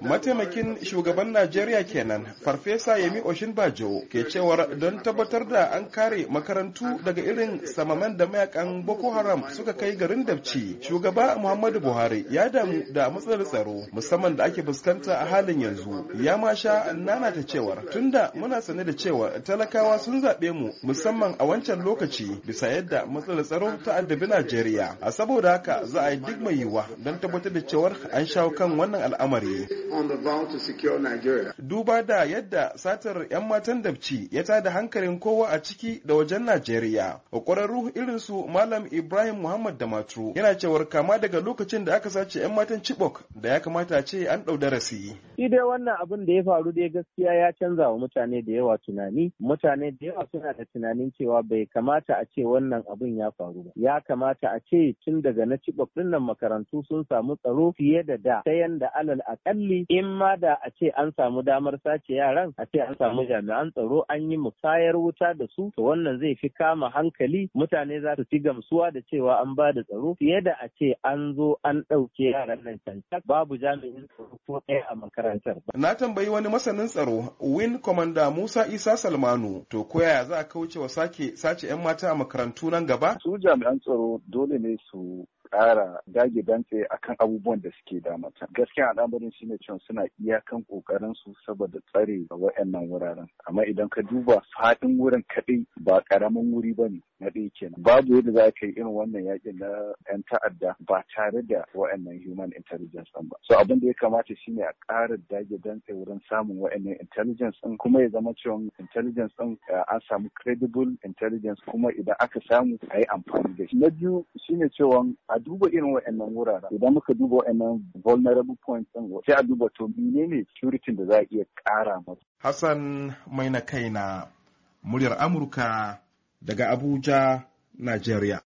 Mataimakin shugaban Najeriya kenan, Farfesa Yemi Oshinbajo ke cewar don tabbatar da an kare makarantu daga irin samaman da mayakan Boko Haram suka kai garin Dabci. Shugaba Muhammadu Buhari ya damu da matsalar tsaro musamman da ake fuskanta a halin yanzu. Ya masha sha nanata cewar tunda muna sane da cewa talakawa sun zaɓe mu musamman a wancan lokaci bisa yadda matsalar tsaro ta addabi Najeriya. A saboda haka za a yi duk mai yiwuwa don tabbatar da cewar an shawo kan wannan al'amari. Duba da yadda satar 'yan matan dabci ya ta da hankalin kowa a ciki da wajen Najeriya. Ƙwararru irin su Malam Ibrahim Muhammad da Matu. yana cewar kama daga lokacin da aka sace 'yan matan Chibok da ya kamata ce an ɗau darasi. Shi dai wannan abin da ya faru dai gaskiya ya canza wa mutane da yawa tunani. Mutane da yawa suna da tunanin cewa bai kamata a ce wannan abin ya faru ba. Ya kamata a ce tun daga na Chibok ɗin makarantu sun samu tsaro tsaro fiye da da ta yanda alal akalli in ma da a ce an samu damar sace yaran a ce an samu jami'an tsaro an yi musayar wuta da su to wannan zai fi kama hankali mutane za su fi gamsuwa da cewa an ba da tsaro fiye da a ce an zo an ɗauke yaran nan cancan babu jami'in tsaro ko ɗaya a makarantar. Na tambayi wani masanin tsaro Win Commander Musa Isa Salmanu to koyaya za a kauce wa sake sace 'yan mata a makarantu nan gaba? Su jami'an tsaro dole ne su ƙara dage dantse a kan abubuwan da suke damata. Gaskiya al'amarin shi ne cewa suna iya kan kokarin su saboda tsare ga wa'annan wuraren. Amma idan ka duba faɗin wurin kaɗai ba ƙaramin wuri ba ne na ɗaya kenan. Babu yadda za ka yi irin wannan yakin na 'yan ta'adda ba tare da wa'annan human intelligence ɗin ba. So abin da ya kamata shine a ƙara dage dantse wurin samun wa'annan intelligence ɗin kuma ya zama cewa intelligence ɗin eh, an samu credible intelligence kuma idan aka samu a yi amfani da shi. Na biyu shine cewa a duba irin waɗannan wuraren idan muka duba waɗannan vulnerable points ɗin sai a duba to ne security da za a iya ƙara masu. Hassan mai na kai na muryar Amurka daga Abuja, Najeriya.